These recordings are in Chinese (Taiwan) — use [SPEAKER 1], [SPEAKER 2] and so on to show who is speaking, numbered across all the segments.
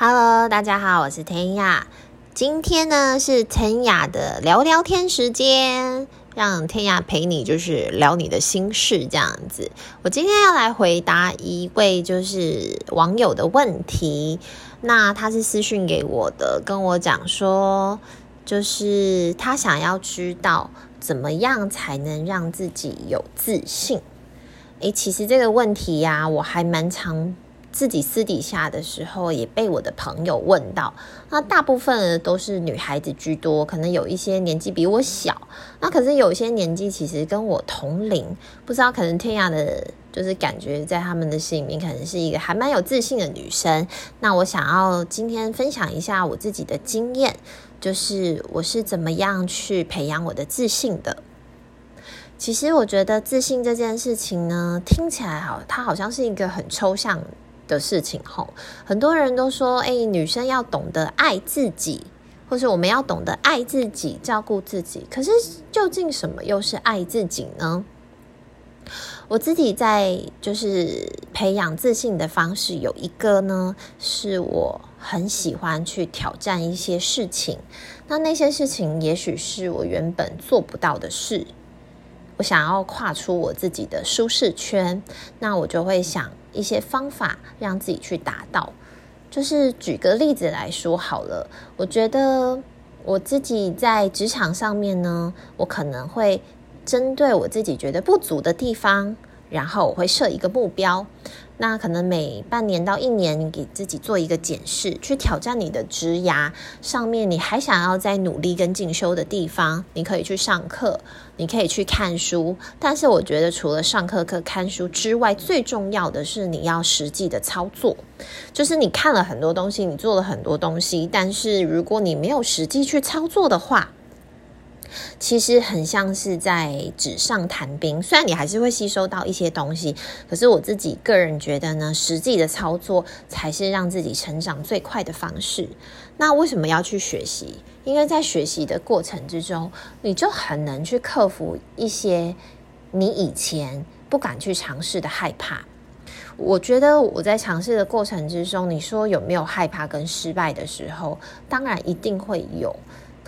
[SPEAKER 1] Hello，大家好，我是彈雅。今天呢是彈雅的聊聊天時間，讓彈雅陪你，就是聊你的心事這樣子。我今天要來回答一位就是網友的問題，那他是私訊給我的，跟我講說，就是他想要知道怎麼樣才能讓自己有自信。欸，其實這個問題呀、啊，我還蠻常。自己私底下的時候也被我的朋友問到，那大部分都是女孩子居多，可能有一些年紀比我小，那可是有些年紀其實跟我同齡，不知道可能彈雅的，就是感覺在她們的心裡面可能是一個還蠻有自信的女生。那我想要今天分享一下我自己的經驗，就是我是怎麼樣去培養我的自信的。其實我覺得自信這件事情呢，聽起來好、哦，它好像是一個很抽象。的事情後，很多人都說：“哎、欸，女生要懂得愛自己，或是我們要懂得愛自己，照顧自己。”可是，究竟什麼又是愛自己呢？我自己在就是培養自信的方式有一個呢，是我很喜歡去挑戰一些事情。那那些事情，也許是我原本做不到的事。我想要跨出我自己的舒適圈，那我就會想一些方法讓自己去達到。就是舉個例子來說好了，我覺得我自己在職場上面呢，我可能會針對我自己覺得不足的地方，然後我會設一個目標。那可能每半年到一年，你給自己做一個檢視，去挑戰你的職涯上面，你還想要再努力跟進修的地方，你可以去上課，你可以去看書。但是我覺得，除了上課和看書之外，最重要的是你要實際的操作。就是你看了很多東西，你做了很多東西，但是如果你沒有實際去操作的話，其實很像是在紙上談兵，雖然你還是會吸收到一些東西，可是我自己個人覺得呢，實際的操作才是讓自己成長最快的方式。那為什麼要去學習？因為在學習的過程之中，你就很能去克服一些你以前不敢去嘗試的害怕。我覺得我在嘗試的過程之中，你說有沒有害怕跟失敗的時候？當然一定會有。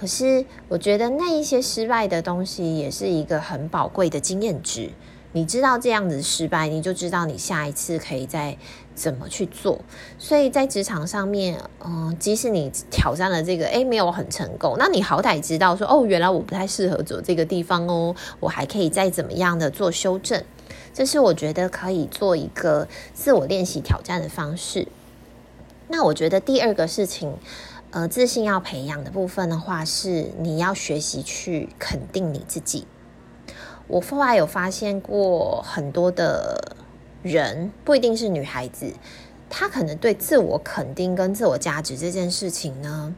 [SPEAKER 1] 可是，我覺得那一些失敗的東西也是一個很寶貴的經驗值。你知道這樣子失敗，你就知道你下一次可以再怎麼去做。所以在職場上面，嗯，即使你挑戰了這個，誒，沒有很成功，那你好歹知道說，哦，原來我不太適合做這個地方哦，我還可以再怎麼樣的做修正。這是我覺得可以做一個自我練習挑戰的方式。那我覺得第二個事情。呃，自信要培養的部分的話，是你要學習去肯定你自己。我後來有發現過很多的人，不一定是女孩子，她可能對自我肯定跟自我價值這件事情呢，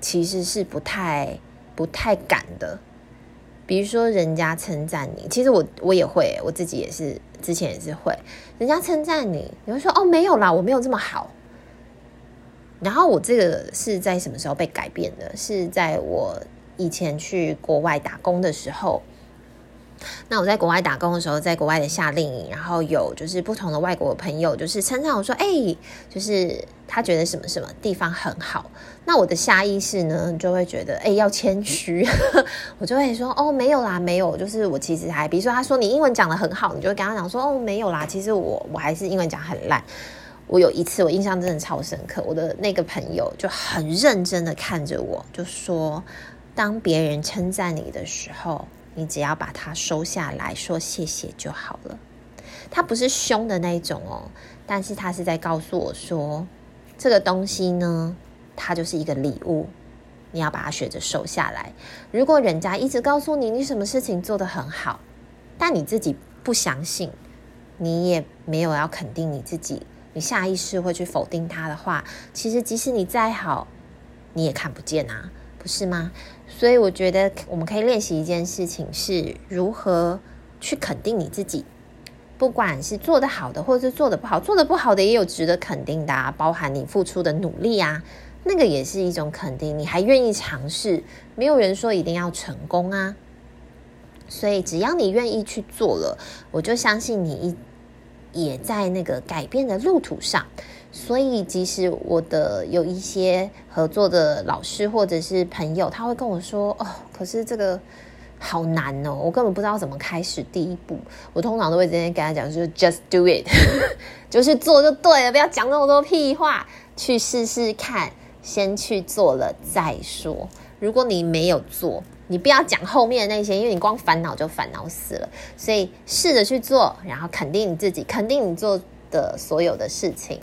[SPEAKER 1] 其實是不太不太敢的。比如說，人家稱讚你，其實我我也會，我自己也是，之前也是會，人家稱讚你，你會說哦，沒有啦，我沒有這麼好。然後我這個是在什麼時候被改變的？是在我以前去國外打工的時候。那我在國外打工的時候，在國外的夏令營，然後有就是不同的外國的朋友，就是稱讚我說：“哎、欸，就是他覺得什麼什麼地方很好。”那我的下意識呢，就會覺得：“哎、欸，要謙虛。 ”我就會說：“哦，沒有啦，沒有。”就是我其實還比如說，他說你英文講得很好，你就會跟他講說：“哦，沒有啦，其實我我還是英文講得很爛。”我有一次，我印象真的超深刻。我的那個朋友就很認真的看着我，就說：“當別人稱讚你的時候，你只要把它收下來說謝謝就好了。”他不是凶的那一種哦，但是他是在告訴我說：“這個東西呢，它就是一個禮物，你要把它學着收下來。如果人家一直告訴你你什麼事情做得很好，但你自己不相信，你也沒有要肯定你自己。”你下意識會去否定他的話，其實即使你再好，你也看不見啊，不是嗎？所以我覺得我們可以練習一件事情，是如何去肯定你自己。不管是做得好的，或者是做得不好，做得不好的也有值得肯定的，啊，包含你付出的努力啊，那個也是一種肯定。你還願意嘗試，沒有人說一定要成功啊。所以只要你願意去做了，我就相信你一。也在那個改變的路途上，所以即使我的有一些合作的老師或者是朋友，他會跟我說：“哦，可是這個好難哦，我根本不知道怎麼開始第一步。”我通常都會直接跟他講：“就是 Just do it， 就是做就對了，不要講那麼多屁話，去試試看，先去做了再說。如果你沒有做。”你不要講後面的那些，因為你光煩惱就煩惱死了。所以試着去做，然後肯定你自己，肯定你做的所有的事情。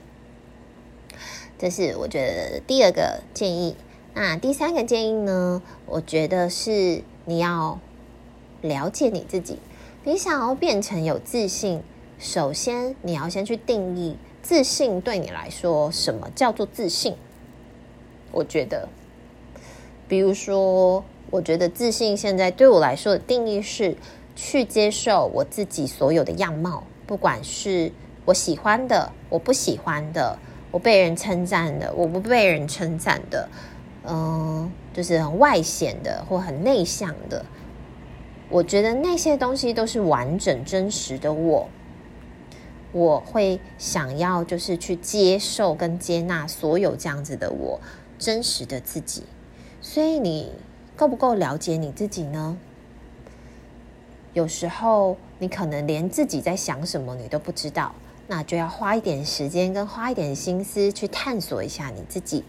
[SPEAKER 1] 這是我覺得第二個建議。那第三個建議呢？我覺得是你要了解你自己。你想要變成有自信，首先你要先去定義自信對你來說什麼叫做自信。我覺得，比如說。我覺得自信現在對我來說的定義是，去接受我自己所有的樣貌，不管是我喜歡的、我不喜歡的、我被人稱讚的、我不被人稱讚的，嗯、呃，就是很外顯的或很內向的，我覺得那些東西都是完整真實的我。我會想要就是去接受跟接納所有這樣子的我真實的自己，所以你。夠不夠了解你自己呢？有時候你可能連自己在想什麼你都不知道，那就要花一點時間跟花一點心思去探索一下你自己。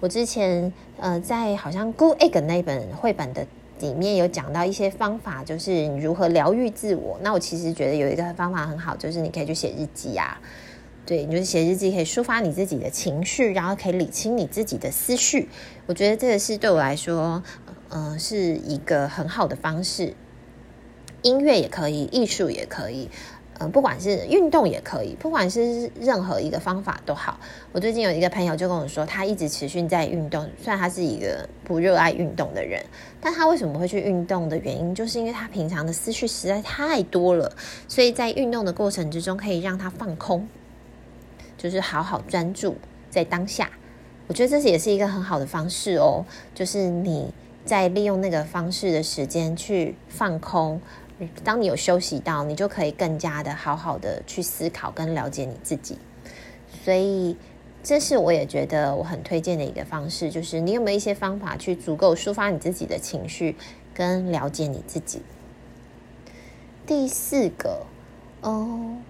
[SPEAKER 1] 我之前呃在好像《Good Egg》那本繪本的裡面有講到一些方法，就是你如何療癒自我。那我其實覺得有一個方法很好，就是你可以去寫日記啊。對，你就是寫日記可以抒發你自己的情緒，然後可以理清你自己的思緒。我覺得這個是對我來說，嗯、呃，是一個很好的方式。音樂也可以，藝術也可以，嗯、呃，不管是運動也可以，不管是任何一個方法都好。我最近有一個朋友就跟我說，他一直持續在運動，雖然他是一個不熱愛運動的人，但他為什麼會去運動的原因，就是因為他平常的思緒實在太多了，所以在運動的過程之中，可以讓他放空。就是好好專注在當下，我覺得這也是一個很好的方式哦。就是你在利用那個方式的時間去放空，當你有休息到，你就可以更加的好好的去思考跟了解你自己。所以這是我也覺得我很推薦的一個方式，就是你有沒有一些方法去足夠抒發你自己的情緒跟了解你自己？第四個，嗯。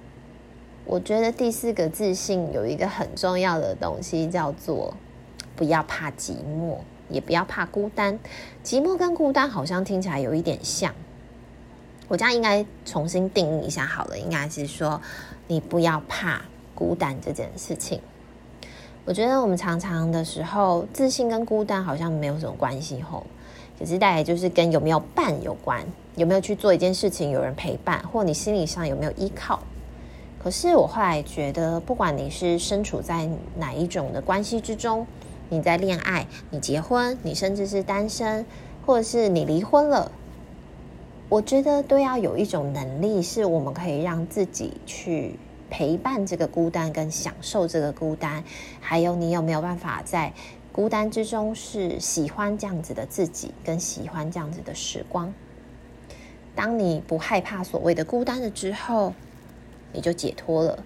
[SPEAKER 1] 我覺得第四個自信有一個很重要的東西，叫做不要怕寂寞，也不要怕孤單。寂寞跟孤單好像聽起來有一點像，我這樣應該重新定義一下好了。應該是說你不要怕孤單這件事情。我覺得我們常常的時候，自信跟孤單好像沒有什麼關係吼，可是大概就是跟有沒有伴有關，有沒有去做一件事情有人陪伴，或你心理上有沒有依靠。可是我後來覺得，不管你是身處在哪一種的關係之中，你在戀愛、你結婚、你甚至是單身，或者是你離婚了，我覺得都要有一種能力，是我們可以讓自己去陪伴這個孤單，跟享受這個孤單，還有你有沒有辦法在孤單之中是喜歡這樣子的自己，跟喜歡這樣子的時光。當你不害怕所謂的孤單了之後。你就解脫了，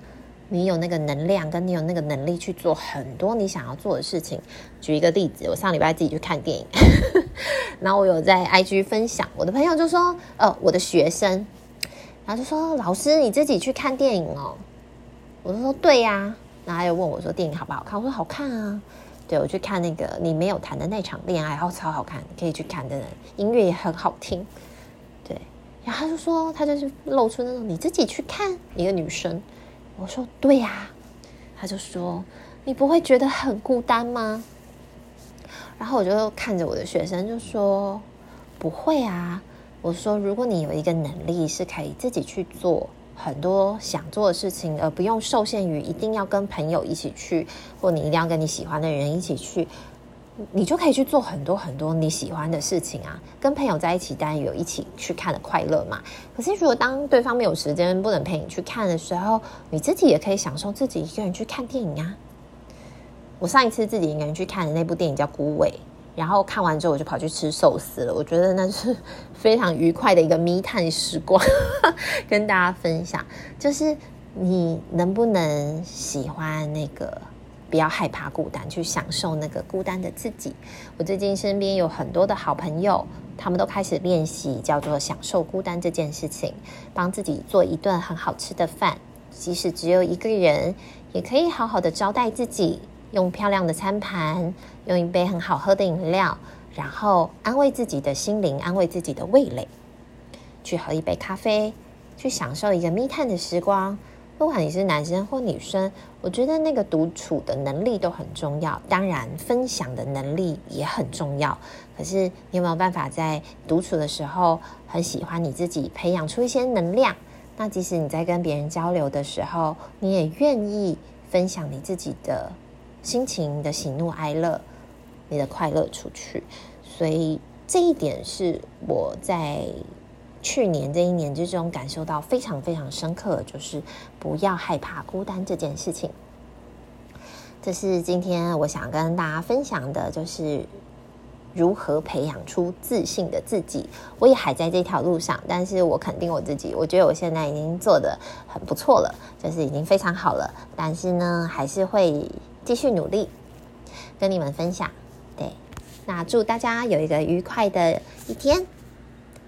[SPEAKER 1] 你有那個能量，跟你有那個能力去做很多你想要做的事情。舉一個例子，我上禮拜自己去看電影， 然後我有在 IG 分享，我的朋友就說：“呃，我的學生，然後就說老師你自己去看電影哦。”我就說：“對呀。”然後他又問我說：“電影好不好看？”我說：“好看啊。”對，我去看那個你沒有談的那場戀愛，然後超好看，可以去看的，音樂也很好聽。然後他就說，他就是露出那種你自己去看，一個女生。我說對呀，他就說你不會覺得很孤單嗎？然後我就看着我的學生就說不會啊。我說如果你有一個能力是可以自己去做很多想做的事情，而不用受限於一定要跟朋友一起去，或你一定要跟你喜歡的人一起去，你就可以去做很多很多你喜歡的事情啊，跟朋友在一起當然有一起去看的快樂嘛。可是如果當對方沒有時間，不能陪你去看的時候，你自己也可以享受自己一個人去看電影啊。我上一次自己一個人去看的那部電影叫《孤味》，然後看完之後我就跑去吃壽司了，我覺得那是非常愉快的一個密探時光， 跟大家分享。就是你能不能喜歡那個？不要害怕孤單，去享受那個孤單的自己。我最近身邊有很多的好朋友，他們都開始練習叫做享受孤單這件事情。幫自己做一頓很好吃的飯，即使只有一個人，也可以好好的招待自己。用漂亮的餐盤，用一杯很好喝的飲料，然後安慰自己的心靈，安慰自己的味蕾。去喝一杯咖啡，去享受一個密探的時光。不管你是男生或女生，我覺得那個獨處的能力都很重要，當然分享的能力也很重要。可是你有沒有辦法在獨處的時候很喜歡你自己，培養出一些能量？那即使你在跟別人交流的時候，你也願意分享你自己的心情的喜怒哀樂，你的快樂出去。所以這一點是我在，去年這一年之中，感受到非常非常深刻，就是不要害怕孤單這件事情。這是今天我想跟大家分享的，就是如何培養出自信的自己。我也還在這條路上，但是我肯定我自己，我覺得我現在已經做得很不錯了，就是已經非常好了。但是呢，還是會繼續努力跟你們分享。對，那祝大家有一個愉快的一天。